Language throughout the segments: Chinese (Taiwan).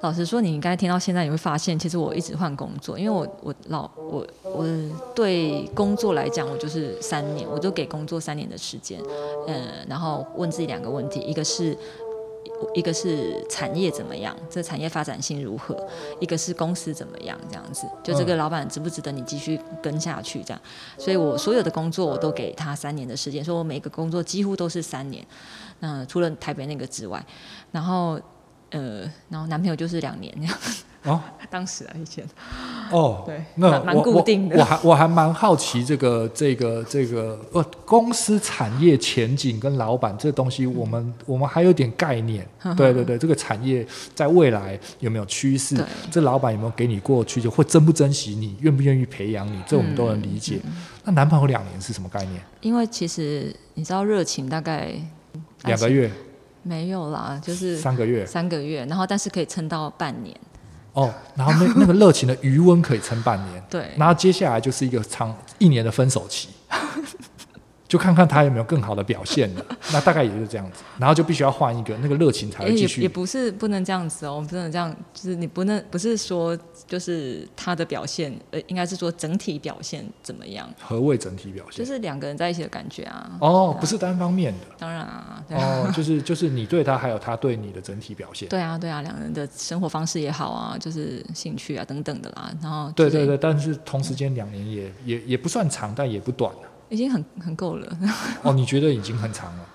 老實說，你應該聽到現在，你會發現，其實我一直換工作，因為我我老我我對工作來講，我就是三年，我就給工作三年的時間，呃，然後問自己兩個問題，一個是。一個是產業怎麼樣，這產業發展性如何？一個是公司怎麼樣，這樣子，就這個老闆值不值得你繼續跟下去這樣？嗯、所以我所有的工作我都給他三年的時間，所以我每個工作幾乎都是三年，那、呃、除了台北那個之外，然後呃，然後男朋友就是兩年那樣。哦， 當時啊，以前。哦，oh, 對，那我蠻固定的我。我還我還蠻好奇這個這個這個，這個、這個呃、公司產業前景跟老闆這東西，我們、嗯、我們還有點概念。嗯、對對對，這個產業在未來有沒有趨勢？呵呵這老闆有沒有給你過去？就會珍不珍惜你？願不願意培養你？這我們都能理解。嗯嗯、那男朋友兩年是什麼概念？因為其實你知道熱情大概兩個月沒有啦，就是三個月，三個月，然後但是可以撐到半年。哦，然後那那個熱情的余溫可以撐半年， 對，然後接下來就是一個長一年的分手期。 就看看他有沒有更好的表現了、啊， 那大概也是這樣子，然後就必須要換一個，那個熱情才會繼續。也也不是不能這樣子哦，不能這樣，就是你不能不是說就是他的表現，呃，應該是說整體表現怎麼樣？何謂整體表現？就是兩個人在一起的感覺啊。哦，啦不是單方面的。當然啊。對哦，就是就是你對他，還有他對你的整體表現。對啊 對啊，兩、啊啊、個人的生活方式也好啊，就是興趣啊等等的啦。然後對對對，但是同時間兩年也、嗯、也也不算長，但也不短、啊已經很很夠了。哦，你覺得已經很長了？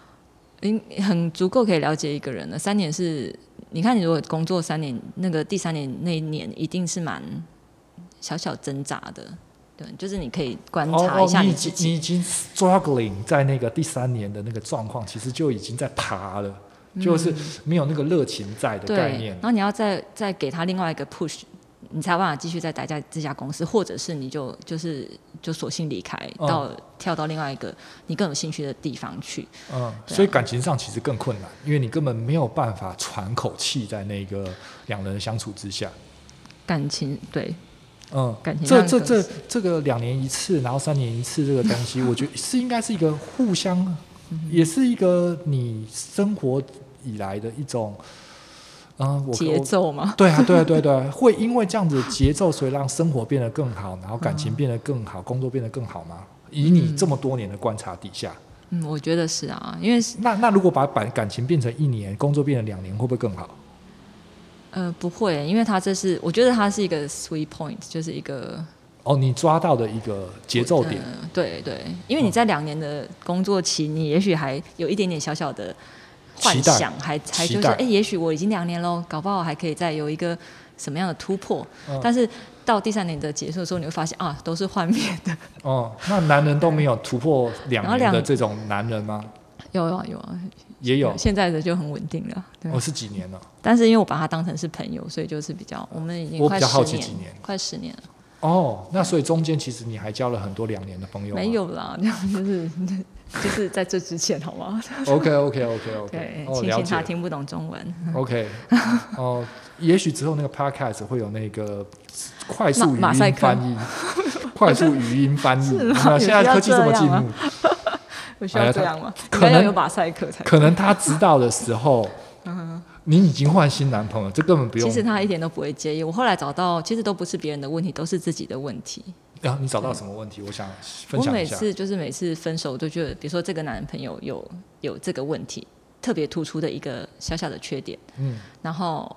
已經 很足夠可以了解一個人了。三年是，你看你如果工作三年，那個第三年那一年一定是蠻小小掙扎的。對，就是你可以觀察一下你、哦哦、你已經，你已經 struggling 在那個第三年的那個狀況，其實就已經在爬了，就是沒有那個熱情在的概念。嗯、對，然後你要再再給他另外一個 push。你才有辦法繼續再待在這家公司，或者是你就就是就索性離開，到、嗯、跳到另外一個你更有興趣的地方去。嗯，啊、所以感情上其實更困難，因為你根本沒有辦法喘口氣在那個兩人的相處之下。感情對，嗯，感情、嗯、這這這這個兩年一次，然後三年一次這個東西， 我覺得是應該是一個互相，也是一個你生活以來的一種。啊，節、嗯、奏嗎？對、啊？對啊，對啊對對、啊、對， 會因為這樣子節奏，所以讓生活變得更好，然後感情變得更好，嗯、工作變得更好嗎？以你這麼多年的觀察底下，嗯，我覺得是啊，因為那那如果把把感情變成一年，工作變成兩年，會不會更好？呃，不會，因為他這是我覺得他是一個 sweet point，就是一個哦，你抓到的一個節奏點，呃、對對，因為你在兩年的工作期，嗯、你也許還有一點點小小的。幻想還還就是哎、欸，也許我已經兩年了，搞不好還可以再有一個什麼樣的突破。嗯、但是到第三年的結束的時候，你會發現啊，都是幻滅的。哦、嗯，那男人都沒有突破兩年的這種男人嗎？有啊有啊，有啊也有現在的就很穩定了。我、哦、是幾年了？但是因為我把他當成是朋友，所以就是比較我們已經快十我比較好奇幾年，快十年了。哦，那所以中間其實你還交了很多兩年的朋友嗎？沒有啦，就是就是在這之前，好嗎？OK OK OK OK，他聽不懂中文。OK，哦，也許之後那個 podcast 會有那個快速語音翻譯，快速語音翻譯。那現在科技這麼進步，需要這樣嗎？可能有馬賽克才。可能他知道的時候。你已經換新男朋友了，這根本不用。其實他一點都不會介意。我後來找到，其實都不是別人的問題，都是自己的問題。然後、啊、你找到什麼問題？對我想分享一下。我每次就是每次分手，就覺得，比如說這個男朋友有有這個問題，特別突出的一個小小的缺點。嗯。然後，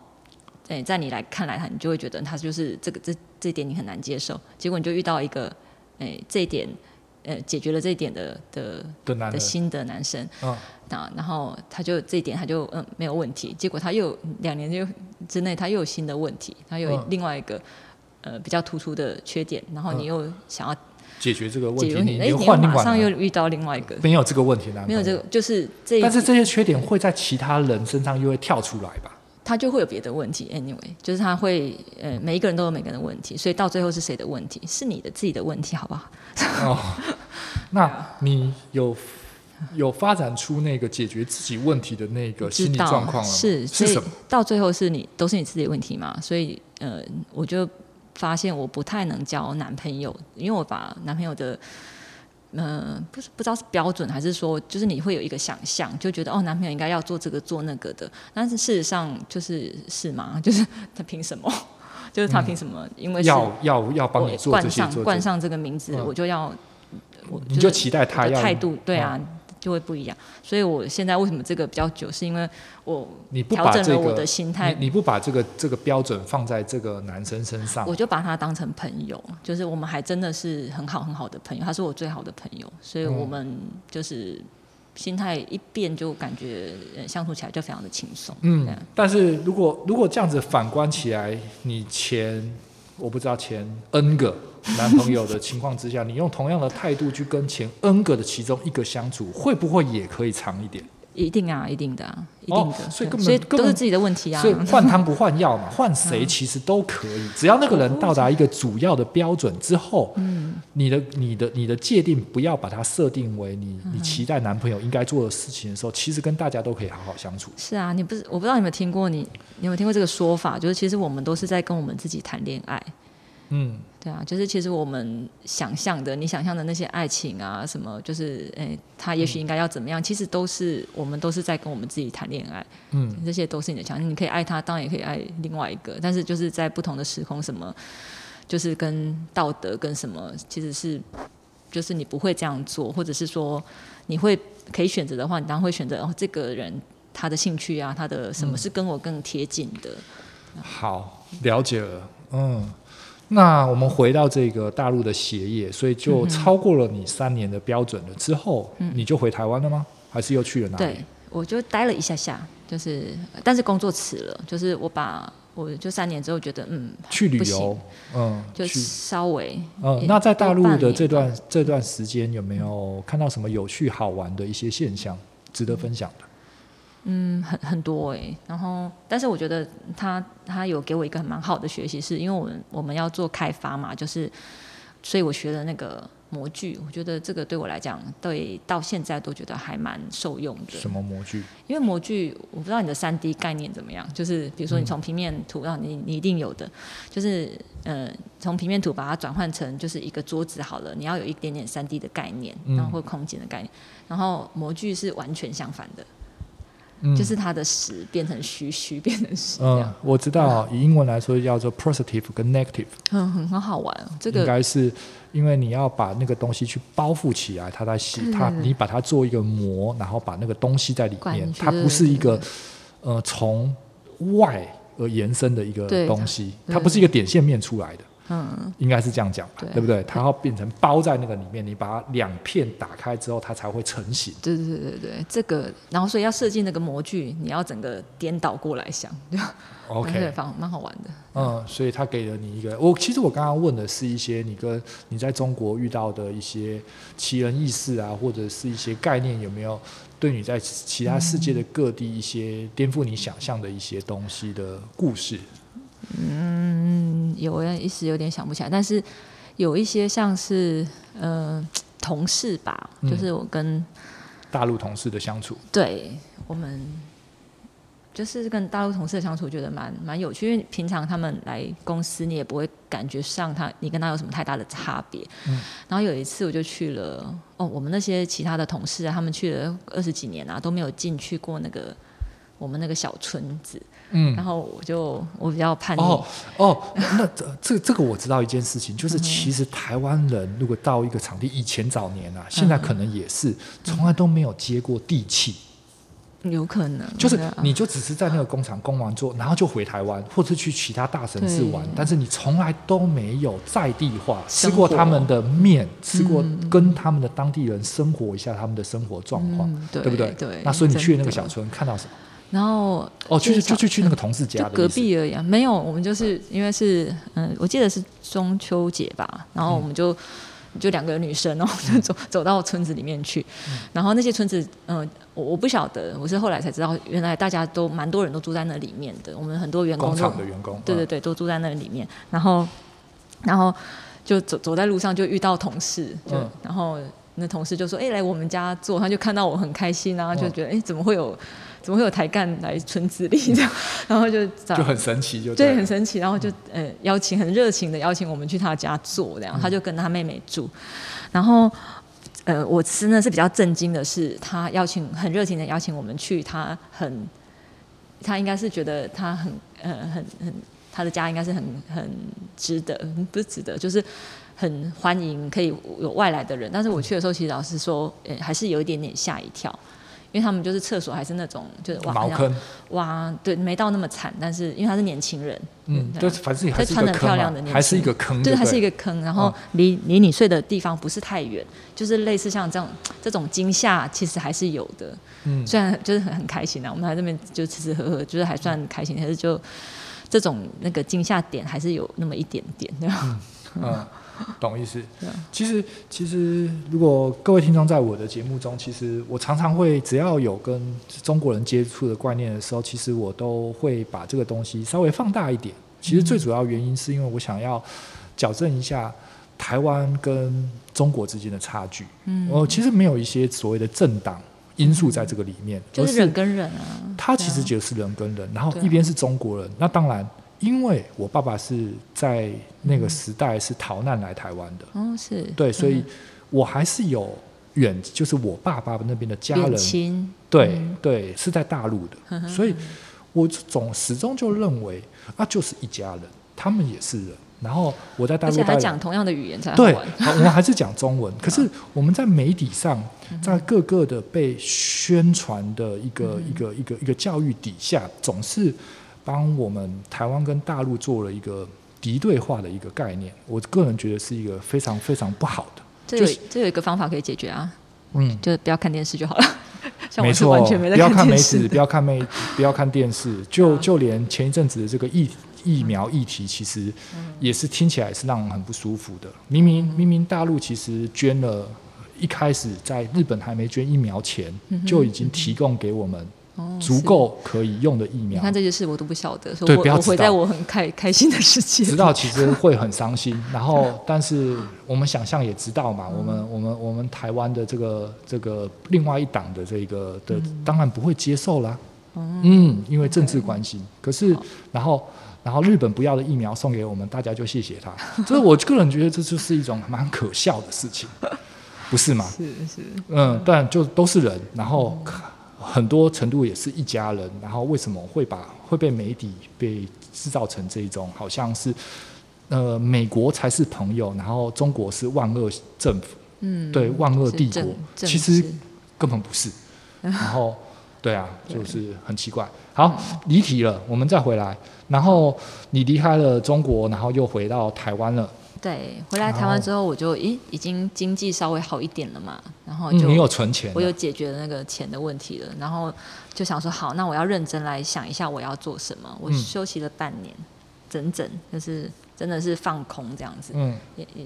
哎、欸，在你來看來，看你就會覺得他就是這個這這點你很難接受。結果你就遇到一個，哎、欸，這一點。呃，解決了這一點的的的男的，新的男生，嗯、啊，然後他就這一點他就嗯沒有問題，結果他又兩年就之內他又有新的問題，他有、嗯、另外一個呃比較突出的缺點，然後你又想要、嗯、解決這個問題，哎，你馬上又遇到另外一個沒有這個問題的，沒有這個就是這，但是這些缺點會在其他人身上又會跳出來吧。嗯他就會有別的問題，Anyway，就是他會，呃，每一個人都有每個人的問題，所以到最後是誰的問題？是你的自己的問題，好不好？哦，那你有有發展出那個解決自己問題的那個心理狀況嗎？是，所以到最後是你都是你自己的問題嘛？所以，呃，我就發現我不太能交男朋友，因為我把男朋友的。嗯，不是不知道是標準還是說，就是你會有一個想象就覺得哦，男朋友應該要做這個做那個的。但是事實上就是是嗎？就是他憑什麼？嗯、就是他憑什麼？因為是要要要幫你冠上冠上這個名字，嗯、我就要，我就期待他要的態度，對啊。嗯就會不一樣，所以我現在為什麼這個比較久，是因為我調整了我的心態。你你不把這個把、這個、這個標準放在這個男生身上，我就把他當成朋友，就是我們還真的是很好很好的朋友，他是我最好的朋友，所以我們就是心態一變就，嗯嗯、就感覺相處起來就非常的輕鬆。嗯，這樣。但是如果如果這樣子反觀起來，你前我不知道前 N 個。男朋友的情況之下，你用同樣的態度去跟前 N 個的其中一個相處，會不會也可以長一點？一定啊，一定的、啊，一定的。哦、所以根本所以都是自己的問題啊。換湯不換藥嘛，換誰、嗯、其實都可以，只要那個人到達一個主要的標準之後，嗯、你的你的你的界定不要把它設定為你你期待男朋友應該做的事情的時候，其實跟大家都可以好好相處。是啊，你不是我不知道你有沒有聽過你你有沒有聽過這個說法，就是其實我們都是在跟我們自己談戀愛。嗯，對啊，就是其實我們想象的，你想象的那些愛情啊，什麼，就是誒，他也許應該要怎麼樣？嗯、其實都是我們都是在跟我們自己談戀愛。嗯，這些都是你的強項，你可以愛他，當然也可以愛另外一個。但是就是在不同的時空，什麼就是跟道德跟什麼，其實是就是你不會這樣做，或者是說你會可以選擇的話，你當然會選擇。哦、這個人他的興趣啊，他的什麼是跟我更貼近的？嗯啊、好，了解了。嗯。嗯那我們回到這個大陸的鞋業，所以就超過了你三年的標準了。之後、嗯、你就回台灣了嗎？還是又去了哪裡？對，我就待了一下下，就是但是工作辭了，就是我把我就三年之後覺得嗯去旅遊，嗯就稍微去也嗯。那在大陸的這段這段時間，有沒有看到什麼有趣好玩的一些現象，值得分享的？嗯，很很多哎、欸，然後但是我覺得他他有給我一個很蠻好的學習，是因為我們我們要做開發嘛，就是，所以我學的那個模具，我覺得這個對我來講，對到現在都覺得還蠻受用的。什麼模具？因為模具，我不知道你的三 D 概念怎麼樣，就是比如說你從平面圖，讓、嗯啊、你你一定有的，就是呃，從平面圖把它轉換成就是一個桌子好了，你要有一點點三 D 的概念，然後或空間的概念，嗯、然後模具是完全相反的。嗯、就是它的實變成虛，虛變成實。嗯，我知道、哦，嗯、以英文來說叫做 positive 跟 negative。嗯，很很好玩、哦，這個應該是因為你要把那個東西去包覆起來，它在洗對它你把它做一個膜，然後把那個東西在裡面，決它不是一個對對對呃從外而延伸的一個東西，對它不是一個點線面出來的。嗯，應該是這樣講吧，對，對不對？它要變成包在那個裡面，對，你把兩片打開之後，它才會成型。對對對對這個，然後所以要設計那個模具，你要整個顛倒過來想，okay, 對吧？OK，對，蠻好，蠻好玩的。嗯，所以他給了你一個，我其實我剛剛問的是一些你跟你在中國遇到的一些奇人異事啊，或者是一些概念有沒有對你在其他世界的各地一些顛覆你想象的一些東西的故事。嗯，有，一時有點想不起來，但是有一些像是呃同事吧，嗯、就是我跟大陸同事的相處，對，我們就是跟大陸同事的相處，覺得蠻蠻有趣，因為平常他們來公司，你也不會感覺上他，你跟他有什麼太大的差別。嗯，然後有一次我就去了，哦，我們那些其他的同事啊，他們去了二十幾年啊，都沒有進去過那個。我們那個小村子，嗯，然後我就我比較叛逆哦，那這這個我知道一件事情，就是其實台灣人如果到一個場地，以前早年啊，現在可能也是從來都沒有接過地氣，有可能就是你就只是在那個工廠工完之後，然後就回台灣或是去其他大城市玩，但是你從來都沒有在地化吃過他們的麵，吃過跟他們的當地人生活一下他們的生活狀況，對不對？對。那所以你去那個小村看到什麼？然後就哦，去就去就去那個同事家的，隔壁而已。啊，沒有。我們就是因為是嗯，我記得是中秋節吧，然後我們就、嗯、就兩個女生，然後就走、嗯、走到村子裡面去。然後那些村子，嗯，我我不曉得，我是後來才知道，原來大家都蠻多人都住在那裡面的。我們很多員工工廠的員工，對對對，嗯、都住在那裡面。然後然後就走走在路上就遇到同事，就、嗯、然後那同事就說：“哎、欸，來我們家坐。”他就看到我很開心然、啊、後、嗯、就覺得：“哎、欸，怎麼會有？”怎麼會有台幹來村子裡這樣？然後就就很神奇就，就對，很神奇。然後就呃、嗯嗯、邀請，很熱情的邀請我們去他家坐，然後。他就跟他妹妹住。嗯、然後呃，我真的是比較震驚的是，他邀請很熱情的邀請我們去，他很他應該是覺得他很呃很很他的家應該是很很值得，很不是值得，就是很歡迎可以有外來的人。但是我去的時候，其實老實說，呃、欸，還是有一點點嚇一跳。因為他們就是廁所還是那種就是茅坑。哇，對，沒到那麼慘，但是因為他是年輕人，嗯，嗯對吧？就反正還是穿得很漂亮的，還是一個坑，就還是就對對，還是一個坑。然後離離、哦、你睡的地方不是太遠，就是類似像這種這種驚嚇其實還是有的。嗯，雖然就是很開心啊，我們來這邊就吃吃喝喝，就是還算開心，但、嗯、是就這種那個驚嚇點還是有那麼一點點。對吧？嗯。啊懂意思？其實，其實如果各位聽眾在我的節目中，其實我常常會，只要有跟中國人接觸的觀念的時候，其實我都會把這個東西稍微放大一點。其實最主要原因是因為我想要矯正一下台灣跟中國之間的差距。嗯、呃，我其實沒有一些所謂的政黨因素在這個裡面，就是人跟人啊。他其實就是人跟人，然後一邊是中國人，那當然，因為我爸爸是在。那個時代是逃難來台灣的，嗯、是對，嗯、哼所以，我還是有遠，就是我爸爸那邊的家人，親對、嗯、對，是在大陸的，嗯、哼哼所以，我總始終就認為啊，就是一家人，他們也是人，然後我在大陸還講同樣的語言，對，我們還是講中文， 可是我們在媒體上，好在各個的被宣傳的一個、嗯、哼一個一個一個教育底下，總是幫我們台灣跟大陸做了一個。敵對化的一個概念，我個人覺得是一個非常非常不好的。這有、就是、這有一個方法可以解決啊，嗯，就不要看電視就好了。沒錯，像我是完全沒在看電視的，不要看妹子，不要看妹，不要看電視。 就、啊、就連前一陣子的這個疫疫苗議題，其實也是聽起來是讓人很不舒服的。明明、嗯、哼明明大陸其實捐了，一開始在日本還沒捐疫苗前，嗯、哼就已經提供給我們。足夠可以用的疫苗。你看這些事我都不曉得，我不要活在我很開開心的世界。知道其實會很傷心，然後但是我們想象也知道嘛，我們我們我們台灣的這個這個另外一黨的這個的當然不會接受啦。嗯，因為政治關係。可是然後然後日本不要的疫苗送給我們，大家就謝謝他。所以我個人覺得這就是一種蠻可笑的事情，不是嗎？是是。嗯，但就都是人，然後。很多程度也是一家人，然後為什麼會把會被媒體被製造成這一種好像是呃美國才是朋友，然後中國是萬惡政府，嗯，對萬惡帝國，其實根本不是，然後對啊，就是很奇怪。好，離題了，我們再回來。然後你離開了中國，然後又回到台灣了。對，回來台灣之後，我就然後，咦，已經經濟稍微好一點了嘛，然後就我、嗯、有存錢、啊，我有解決了那個錢的問題了，然後就想說好，那我要認真來想一下我要做什麼。我休息了半年，整整就是真的是放空這樣子，嗯、也也，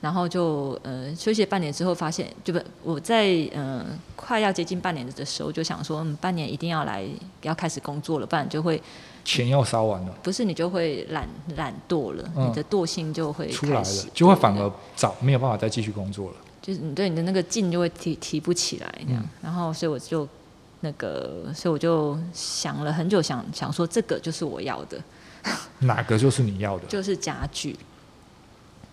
然後就嗯、呃，休息了半年之後發現，就不我在嗯、呃，快要接近半年的時候就想說，嗯，半年一定要來要開始工作了，不然就會。錢要燒完了、嗯，不是你就會懶懶惰了，嗯、你的惰性就會出來了，就會反而找對、嗯、沒有辦法再繼續工作了。就是你對你的那個勁就會提提不起來那樣。嗯、然後所以我就那個，所以我就想了很久想，想想說這個就是我要的，哪個就是你要的？就是家具，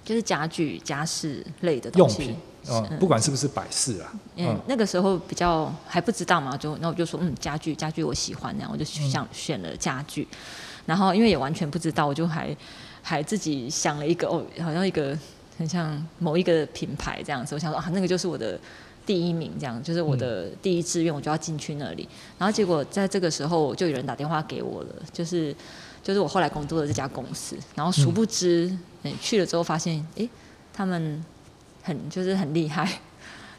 就是家具家飾類的東西。用品嗯、不管是不是擺飾啊，嗯，yeah, 那個時候比較還不知道嘛，就那我就說，嗯，家具家具我喜歡，然後我就想選了家具，嗯、然後因為也完全不知道，我就還還自己想了一個，哦，好像一個很像某一個品牌這樣子，我想說啊，那個就是我的第一名，這樣就是我的第一志願，嗯、我就要進去那裡。然後結果在這個時候就有人打電話給我了，就是就是我後來工作的這家公司，然後殊不知，嗯、欸，去了之後發現，哎、欸，他們。很就是很厲害，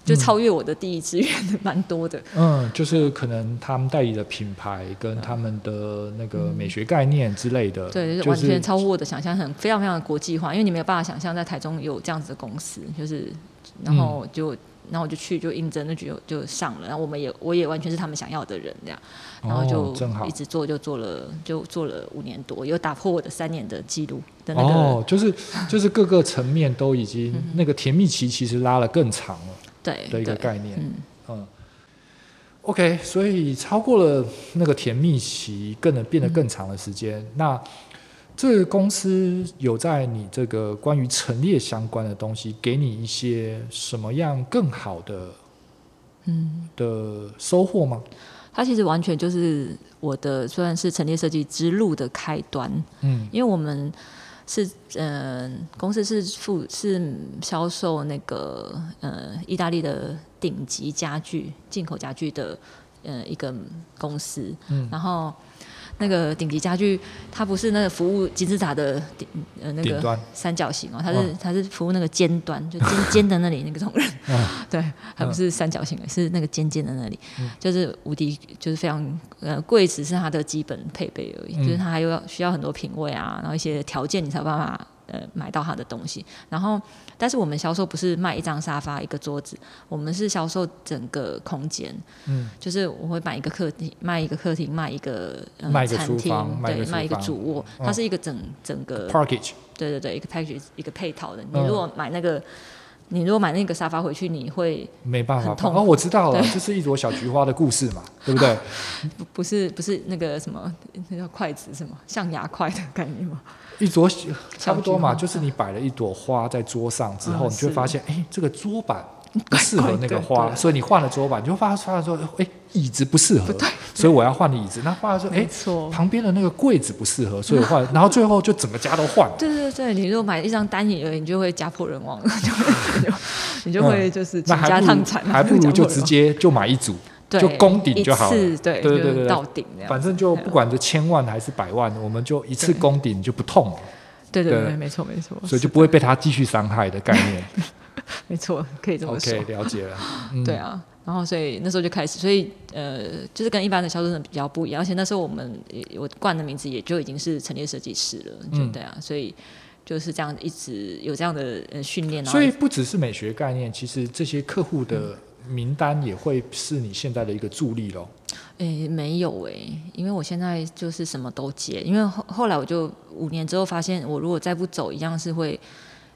就超越我的第一志願蠻多的。嗯，就是可能他們代理的品牌跟他們的那個美學概念之類的，嗯、對，就是、完全超乎我的想象，很非常非常的國際化。因為你沒有辦法想象在台中有這樣子的公司，就是然後就。嗯然後我就去就應徵，那局就上了。然後我們也我也完全是他們想要的人這樣，然後就一直做，就做了就做了五年多，又打破我的三年的記錄的那個哦，就是就是各個層面都已經 那個甜蜜期，其實拉了更長了。對的一個概念，嗯，嗯。OK，所以超過了那個甜蜜期，更能變得更長的時間。嗯、那。這個公司有在你這個關於陳列相關的東西，給你一些什麼樣更好的，嗯的收穫嗎？它、嗯、其實完全就是我的，雖然是陳列設計之路的開端。嗯，因為我們是嗯、呃、公司是負是銷售那個呃意大利的頂級家具、進口家具的呃一個公司，嗯，然後。那個頂級家具，它不是那個服務金字塔的頂，呃，那個三角形哦，它是它是服務那個尖端，哇就尖尖的那裡那個東西，啊、對，還不是三角形，啊、是那個尖尖的那裡，嗯、就是無敵，就是非常呃，貴，只是它的基本配備而已，嗯、就是它還要需要很多品味啊，然後一些條件你才有辦法。呃，買到他的東西，然後，但是我們銷售不是賣一張沙發，一個桌子，我們是銷售整個空間。嗯，就是我會買一個客廳，賣一個客廳，賣一個嗯，呃、個餐廳，廚房，對，賣一個主臥，嗯、它是一個整整個 package。嗯、對對對，一個 package 一個配套的。你如果買那個，嗯、你如果買那個沙發回去，你會沒辦法痛。哦，我知道了，對這是一朵小菊花的故事嘛，對不對？不、啊、不是不是那個什麼，那叫筷子什麼象牙筷的概念嗎？一桌差不多嘛，就是你擺了一朵花在桌上之後，你就會發現哎、欸，這個桌板不適合那個花。乖乖，所以你換了桌板，你就發現換了哎，椅子不適合，對對，所以我要換椅子。那換了之後，哎、欸，沒錯旁邊的那個櫃子不適合，所以換，然後最後就整個家都換了。嗯、對對對，你如果買一張單椅而已，你就會家破人亡，就會 你就會你就會就是傾家蕩產，啊。嗯、還，不還不如就直接就買一組。對就攻頂就好了，一次對對對對對，到頂這樣，反正就不管是千萬還是百萬，對我們就一次攻頂就不痛了。對對對，對，沒錯沒錯，所以就不會被他繼續傷害的概念。是的 沒錯，可以這麼說。Okay, 了解了。嗯、對啊，然後所以那時候就開始，所以呃，就是跟一般的銷售人比較不一樣，而且那時候我們我冠的名字也就已經是陳列設計師了，就對啊，嗯、所以就是這樣一直有這樣的訓練。所以不只是美學概念，其實這些客戶的、嗯。名單也會是你現在的一個助力嘍。哎、欸，沒有哎、欸，因為我現在就是什麼都接，因為後後來我就五年之後發現，我如果再不走，一樣是會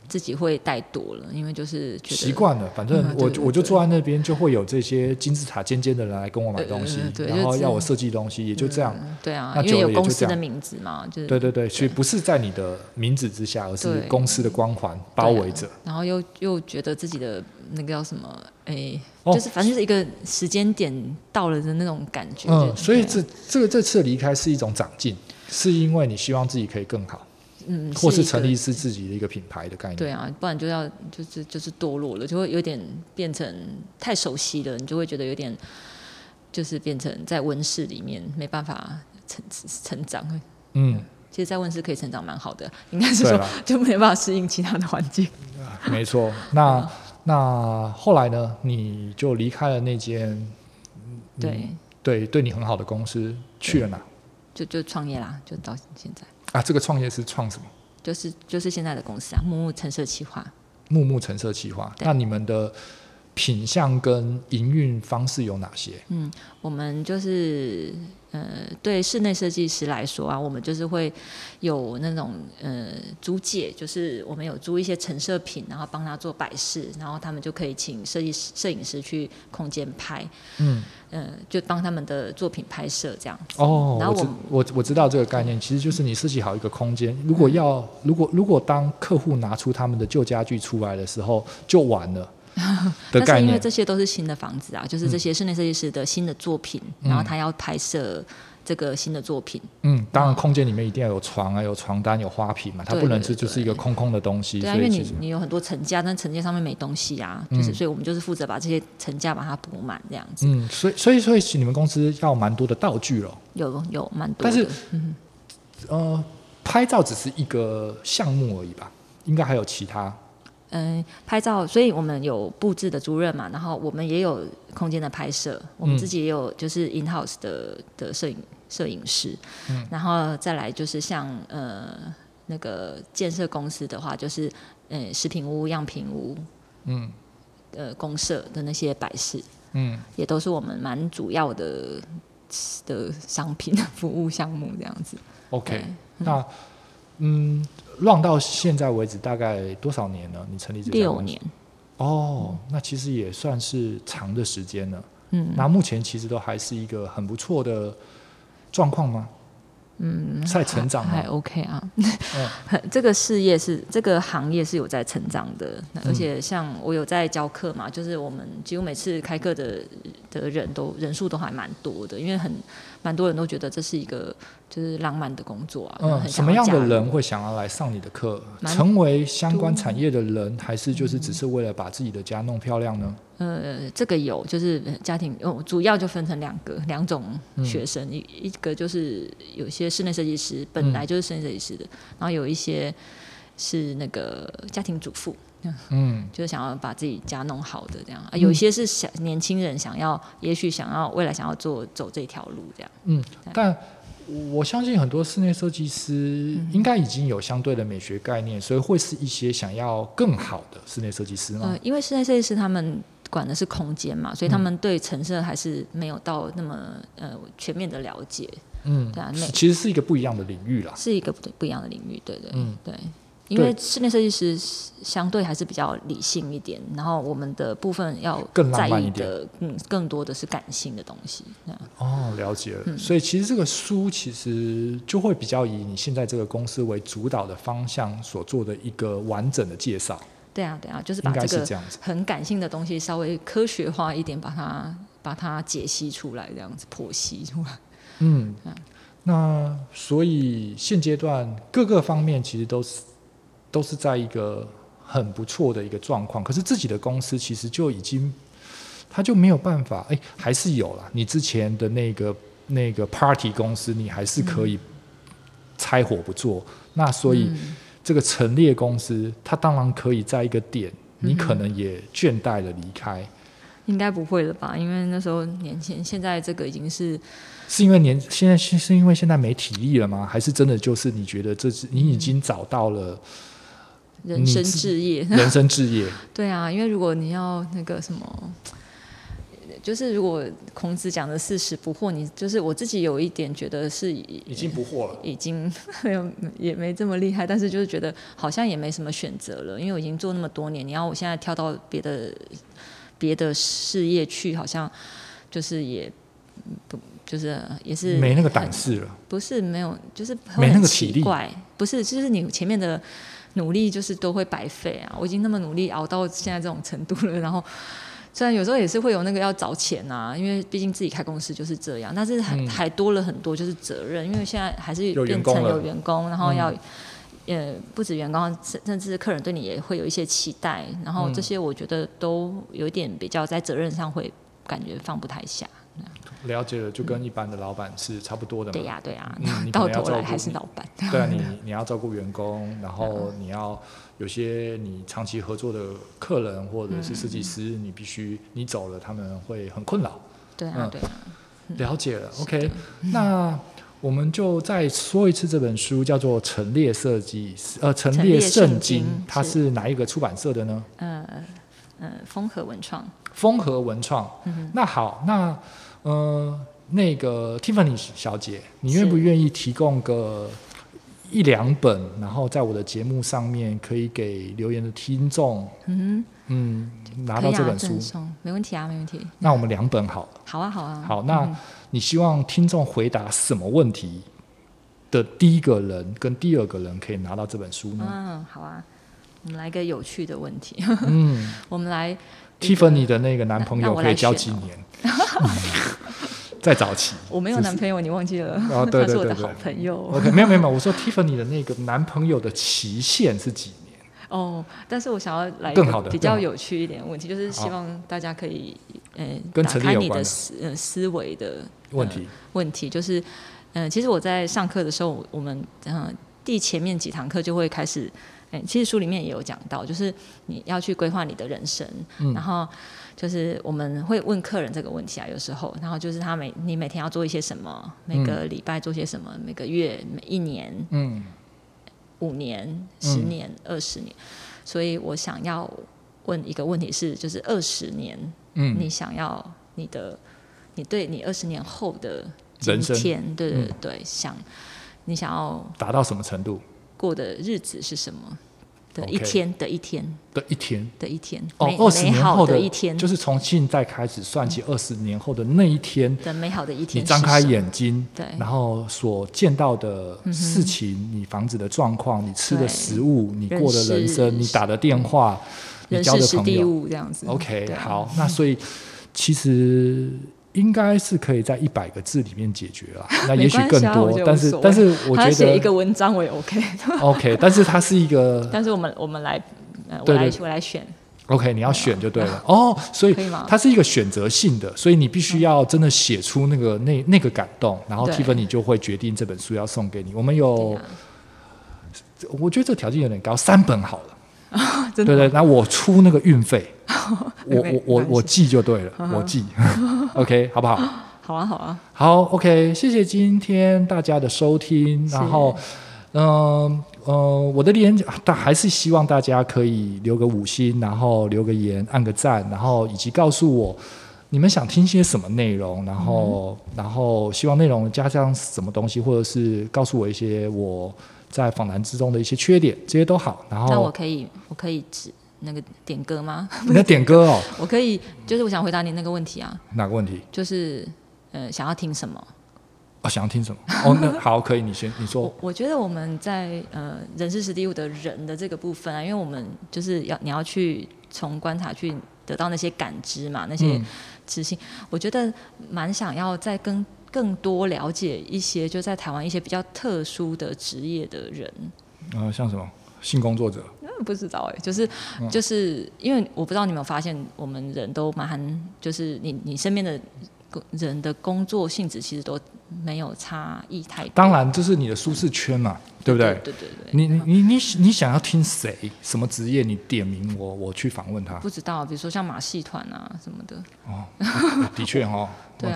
自己會怠惰了。因為就是習慣了，反正我、嗯、我,我就坐在那邊，就會有這些金字塔尖尖的人來跟我買東西，嗯、然後要我設計東西，嗯、也就這樣。嗯、對啊，就這樣因為有就公司的名字嘛，就對對對，對所以不是在你的名字之下，而是公司的光環對包圍着、啊。然後又又覺得自己的。那個叫什麼？哎、欸，哦、就是反正就是一個時間點到了的那種感覺。嗯，對所以這、啊、這個這次離開是一種長進，是因為你希望自己可以更好，嗯，是或是成立是自己的一個品牌的概念。對啊，不然就要就是就是墮落了，就會有點變成太熟悉了，你就會覺得有點就是變成在溫室裡面沒辦法成成長。嗯，嗯，其實，在溫室可以成長蠻好的，應該是說就沒辦法適應其他的環境。吧 沒錯，那。嗯那後來呢？你就離開了那間，嗯、對對，對你很好的公司去了哪？就就創業啦，就到現在。啊，這個創業是創什麼？就是就是現在的公司啊，慕慕陳設企劃。慕慕陳設企劃，對那你們的品項跟營運方式有哪些？嗯，我們就是。呃，對室內設計師來說啊，我們就是會有那種呃租借，就是我們有租一些陳設品，然後幫他做擺飾，然後他們就可以請設計師攝影師去空間拍，嗯，嗯、呃，就幫他們的作品拍攝這樣子。哦，然後我我知我，我知道這個概念，其實就是你設計好一個空間，如果要如果如果當客戶拿出他們的舊家具出來的時候，就完了。但是因為這些都是新的房子啊，就是這些室內設計師的新的作品，嗯、然後他要拍攝這個新的作品。嗯，當然空間裡面一定要有床啊，有床單，有花瓶嘛，嗯、它不能是就是一個空空的東西。對,對,對,對，因為你你有很多層架，但層架上面沒東西啊，就是、嗯、所以我們就是負責把這些層架把它補滿這樣子。嗯，所以所以所以你們公司要蠻多的道具咯，有有蠻多的。但是，嗯、呃，拍照只是一個項目而已吧，應該還有其他。嗯、呃，拍照，所以我們有布置的主任嘛，然後我們也有空間的拍攝，嗯、我們自己也有就是 in house 的的攝影攝影師，嗯、然後再來就是像呃那個建設公司的話，就是呃食品屋、樣品屋，嗯，呃公設的那些擺飾，嗯，也都是我們蠻主要的的商品的服務項目這樣子。OK，、嗯、那。嗯，亂到現在為止大概多少年了？你成立這六年哦，oh, 嗯，那其實也算是長的時間了。嗯，那目前其實都還是一個很不錯的狀況嗎？嗯，在成長還 OK 啊，嗯、 這個事業是這個行業是有在成長的，而且像我有在教課嘛，嗯、就是我們幾乎每次開課的的人都人數都還蠻多的，因為很蠻多人都覺得這是一個就是浪漫的工作啊。嗯、什麼樣的人會想要來上你的課？蠻多，成為相關產業的人，還是就是只是為了把自己的家弄漂亮呢？呃，這個有，就是家庭哦，主要就分成兩個兩種學生，一、嗯、一個就是有些室內設計師本來就是室內設計師的，嗯、然後有一些是那個家庭主婦，嗯，嗯就是想要把自己家弄好的這樣，呃、有一些是想年輕人想要，也許想要未來想要做走這條路這樣，嗯，對但我相信很多室內設計師應該已經有相對的美學概念，所以會是一些想要更好的室內設計師嗎、呃？因為室內設計師他們。管的是空間嘛，所以他們對陳設還是沒有到那麼呃全面的了解。嗯，對啊，那其實是一個不一樣的領域啦，是一個不不一樣的領域，對對，對，嗯對，因為室內設計師相對還是比較理性一點，然後我們的部分要更在意的更浪漫一點，嗯，更多的是感性的東西。啊、哦，了解了，嗯、所以其實這個書其實就會比較以你現在這個公司為主導的方向所做的一個完整的介紹。對啊，對啊，就是把這個很感性的東西稍微科學化一點，把它把它解析出來，這樣子剖析出來。嗯，那所以現階段各個方面其實都是都是在一個很不錯的一個狀況，可是自己的公司其實就已經他就沒有辦法，哎，還是有了。你之前的那個那個 party 公司，你還是可以拆夥不做。嗯，那所以。嗯這個陳列公司，他當然可以在一個點，你可能也倦怠了離開，嗯，應該不會了吧？因為那時候年輕，現在這個已經是，是因為年現在是因為現在沒體力了嗎？還是真的就是你覺得這是，嗯、你已經找到了人生志業，人生志業， 對啊，因為如果你要那個什麼。就是如果孔子講的四十不惑，你就是我自己有一點覺得是已、已經不惑了，已經沒有也沒這麼厲害，但是就是覺得好像也沒什麼選擇了，因為我已經做那麼多年，你要我現在跳到別的別的事業去，好像就是也不就是也是沒那個膽識了，呃、不是沒有就是很很奇怪沒那個體力，不是就是你前面的努力就是都會白費啊，我已經那麼努力熬到現在這種程度了，然後。雖然有時候也是會有那個要找錢吶、啊，因為畢竟自己開公司就是這樣，但是還、嗯、還多了很多就是責任，因為現在還是變成有員工，員工，然後要，呃、嗯，也不止員工，甚甚至客人對你也會有一些期待，然後這些我覺得都有點比較在責任上會感覺放不太下。了解了，就跟一般的老板是差不多的嘛。對呀，對呀，你到頭來還是老板。對啊，你你要照顧員工，然後你要有些你長期合作的客人或者是設計師，你必須你走了，他們會很困擾。對啊，對了解了。OK，那我們就再說一次，這本書叫做《陳列設計》，呃，《陳列聖經》，它是哪一個出版社的呢？呃呃，風和文創。風和文創。嗯，那好，那。呃，那個 Tiffany 小姐，你願不願意提供個一兩本，是然後在我的節目上面可以給留言的聽眾，嗯，嗯，拿到這本書？啊，沒問題啊，沒問題。那我們兩本好、嗯。好啊，好啊。好，那、嗯、你希望聽眾回答什麼問題的第一個人跟第二個人可以拿到這本書呢？嗯，好啊。我們來個有趣的問題。嗯，我們來，Tiffany 你的那個男朋友可以交幾年？在早期，我沒有男朋友，你忘記了？啊，對對對對，他是好朋友。沒有沒有沒有，我說 Tiffany 你的那個男朋友的期限是幾年？哦，但是我想要來一個比較有趣一點的問題，就是希望大家可以嗯，打開你的思嗯思維的問題問題，就是嗯，其實我在上課的時候，我們嗯第前面幾堂課就會開始。欸、其實書裡面也有講到，就是你要去規劃你的人生。嗯、然後就是我們會問客人這個問題啊，有時候，然後就是他每你每天要做一些什麼，每個禮拜做些什麼，嗯、每個月、每一年、嗯，五年、十年、嗯、二十年。所以我想要問一個問題是，就是二十年，嗯，你想要你的，你對你二十年後的今天人生，對對對，嗯、想你想要達到什麼程度？過的日子是什麼？的一天的一天的一天的一天。哦，二十年後的一天，就是從現在開始算起，二十年後的那一天的美好的一天。你張開眼睛，對，然後所見到的事情，你房子的狀況，你吃的食物，你過的人生，你打的電話，你交的朋友這樣子。OK，好，那所以其實。應該是可以在一百個字裡面解決了，那也許更多，但是但是我覺得寫一個文章我也 OK。OK，但是它是一個，但是我們我們來，我來我來選。OK，你要選就對了。哦，所以它是一個選擇性的，所以你必須要真的寫出那個那那個感動，然後 Tiffany 你就會決定這本書要送給你。我們有，我覺得這條件有點高，三本好了，對對，那我出那個運費。 關係 我我我我寄就對了， 我寄，OK， 好不好？好啊，好啊，好啊，好，OK。謝謝今天大家的收聽，然後，嗯嗯是、呃呃，我的連、啊，但還是希望大家可以留個五星，然後留個言，按個讚，然後以及告訴我你們想聽些什麼內容，然後、嗯、然後希望內容加上什麼東西，或者是告訴我一些我在訪談之中的一些缺點，這些都好。然後，那我可以，我可以那個點歌嗎？你要點歌哦。我可以，就是我想回答你那個問題啊。哪個問題？就是呃，想要聽什麼？哦，想要聽什麼？哦，那好，可以，你先你說 我。我覺得我們在呃人事時地物的人的這個部分啊，因為我們就是要你要去從觀察去得到那些感知嘛，那些知性，嗯，我覺得蠻想要再跟更多了解一些，就在台灣一些比較特殊的職業的人啊，呃，像什麼？性工作者？那不知道哎，就是就是因為我不知道你有沒有發現，我們人都蠻，就是你你身邊的人的工作性質其實都沒有差異太多。當然，就是你的舒適圈嘛，對不對？對對對。你你你你想要聽誰？什麼職業？你點名我，我去訪問他。不知道，比如說像馬戲團啊什麼的。哦，的確哦。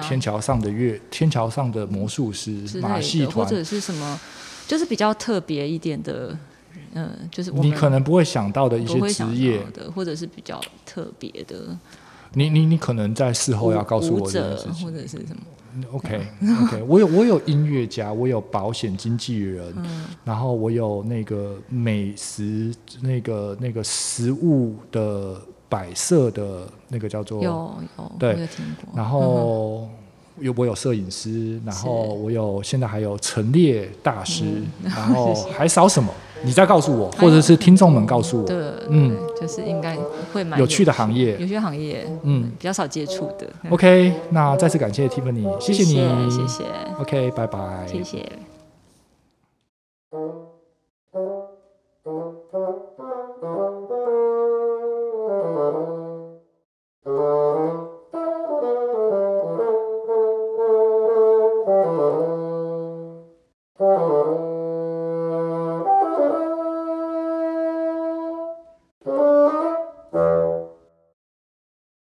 天橋上的樂，天橋上的魔術師，馬戲團或者是什麼，就是比較特別一點的。嗯，就是我你可能不會想到的一些職業，或者是比較特別的。你你你可能在事後要告訴我這或者是什麼？OK，OK，我有我有音樂家，我有保險經紀人，然後我有那個美食那個那個食物的擺設的那個叫做有有對，然後有我有攝影師，然後我有現在還有陳列大師，然後還少什麼？你再告訴我，或者是聽眾們告訴我，哎、對，對，嗯，對，就是應該會蠻有趣的行業，有些行業，行業，嗯，比較少接觸的。嗯、OK，那再次感謝 Tiffany，謝謝你，謝謝，OK，拜拜，謝謝。Okay, bye bye 謝謝。